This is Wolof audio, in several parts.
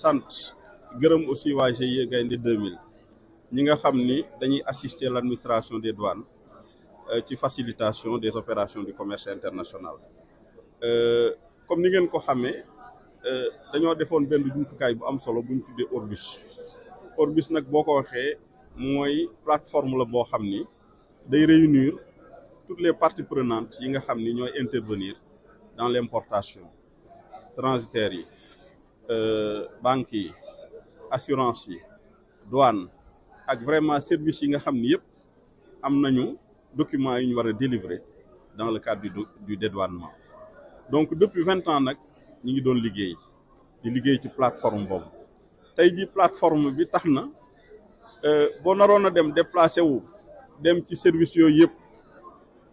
sant gërëm aussi waa GIE Gaïndé 2000 ñi nga xam ni dañuy assister l' administration des douanes euh, ci facilitation des opérations du commerce international euh, comme ni ngeen ko xamee euh, dañoo defoon benn jumtukaay bu am solo bu ñu tuddee Orbus nag boo ko waxee mooy plateforme la boo xam ni day réunir toutes les parties prenantes yi nga xam ni ñooy intervenir dans l' importation transitaire yi Euh, banque yi assurance yi douane ak vraiment service yi nga xam ni yëpp am nañu document yi ñu war a délivrer dans le cadre du du dédouanement donc depuis vingt ans nag ñi ngi doon liggéey di liggéey ci plateforme boobu tey ji plateforme bi tax na euh, boo naroon a dem déplacé wu dem ci service yooyu yëpp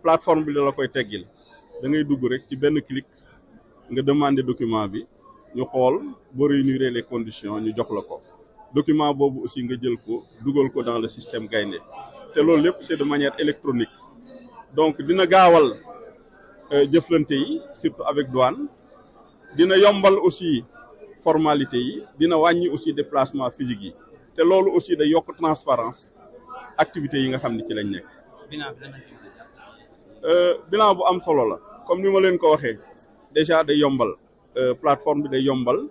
plateforme bi la koy teggil da ngay dugg rek ci benn clic nga demander document bi ñu xool boo réunir les conditions ñu jox la ko document boobu aussi nga jël ko dugal ko dans le système gaynde te loolu lépp c'est de manière électronique donc dina gaawal euh, jëflante yi surtout avec douane dina yombal aussi formalité yi dina wàññi aussi déplacement physique yi te loolu aussi day yokk transparence activité yi nga xam ne ci lañ nekk bilan euh, bu am solo la comme ni ma leen ko waxee déjà day yombal Euh, plateforme bi day yombal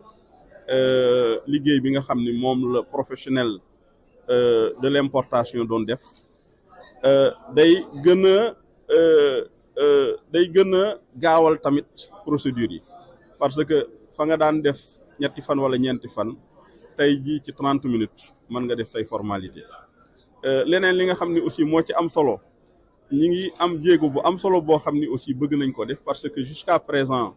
euh, liggéey bi nga xam ni moom la professionnel euh, de l'importation doon def day gën a day gën a gaawal tamit procédure yi parce que fa nga daan def ñetti fan wala ñeenti fan tey jii ci trente minutes mën nga def say formalité leneen li nga xam ne aussi moo ci am solo ñi ngi am jéego bu am solo boo xam ni aussi bëgg nañ ko def parce que jusqu'à présent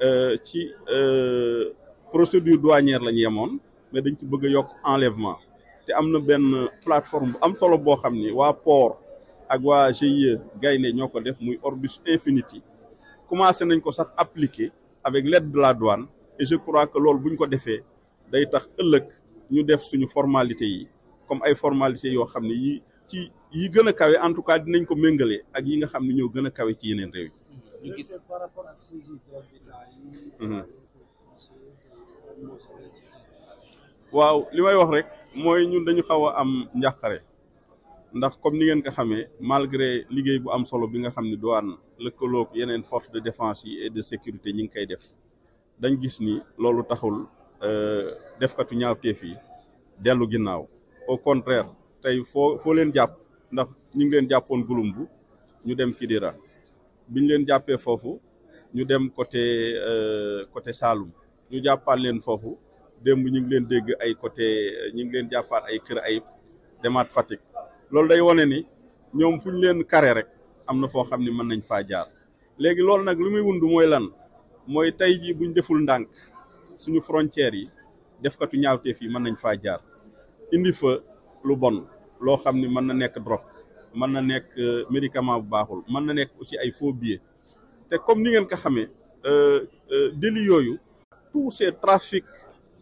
Euh, ci euh, procédure douanière la ñu yemoon mais dañ ci bëgg a yokk enlèvement te am na benn plateforme bu am solo boo xam ni waa port ak waa GIE ñoo ko def muy Orbus Infinity commencé nañ ko sax appliquer avec l'aide de la douane et je crois que loolu bu ñu ko defee day tax ëllëg ñu def suñu formalité yi comme ay formalité yoo xam ne yi ci yi gën a kawe en tout cas dinañ ko méngale ak yi nga xam ne ñoo gën a kawe ci yeneen réew yi ñu e waaw li may wax rek mooy ñun dañu xaw a am njàqare ndax comme ni ngeen ko xame malgré liggéey bu am solo bi nga xam ne douane lëkkaloog yeneen force de défense yi et de sécurité ñi ngi koy def dañ gis ni loolu taxul euh, defkatu ñaawteef yi dellu ginnaaw au contraire tey foo foo leen jàpp ndax ñu ngi leen jàppoon gulumbu ñu dem Kidira biñ leen jàppee foofu ñu dem côté euh, côté Saloum ñu jàppal leen foofu démb ñu ngi leen dégg ay côté ñu ngi leen jàppaat ay Kër Ayib demaat Fatick loolu day wane ni ñoom fu ñu leen kare rek am na foo xam ni mën nañ faa jaar léegi loolu nag li muy wund mooy lan mooy tey jii buñ deful ndànk suñu frontières yi defkatu ñaawteef yi mën nañ faa jaar indi fa lu bon loo xam ni mën na nekk drogue mën na nekk euh, médicament bu baaxul mën na nekk aussi ay faux billets te comme ni ngeen ko xamee euh, euh, délits yooyu tous ces trafics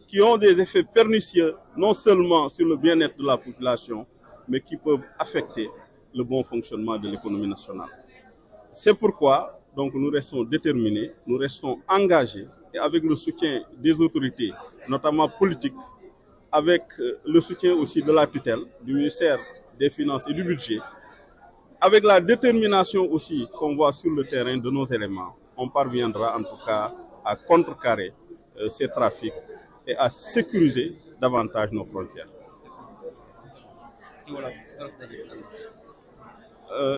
qui ont des effets pernicieux non seulement sur le bien-être de la population mais qui peuvent affecter le bon fonctionnement de l'économie nationale c'est pourquoi donc nous restons déterminés nous restons engagés et avec le soutien des autorités notamment politiques avec le soutien aussi de la tutelle du ministère des Finances et du Budget avec la détermination aussi qu'on voit sur le terrain de nos éléments, on parviendra en tout cas à contrecarrer euh, ces trafics et à sécuriser davantage nos frontières. Euh,